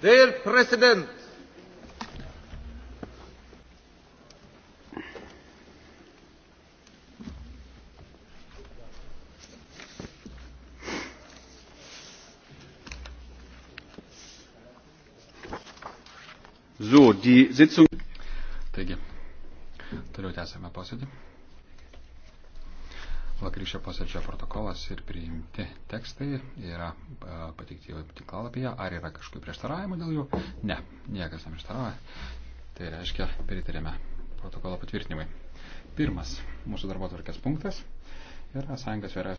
Dear President, So, die Sitzung. Taigi, toliau tęsime posėdį. Vakarykščio posėdžio protokolas ir priimti tekstai yra pateikti tinklalapyje. Ar yra kažkokių prieštaravimų dėl jų? Ne, niekas neprieštarauja. Tai reiškia, pritarėme protokolo patvirtinimui. Pirmas mūsų darbo tvarkės punktas yra sąjungos vyriausios.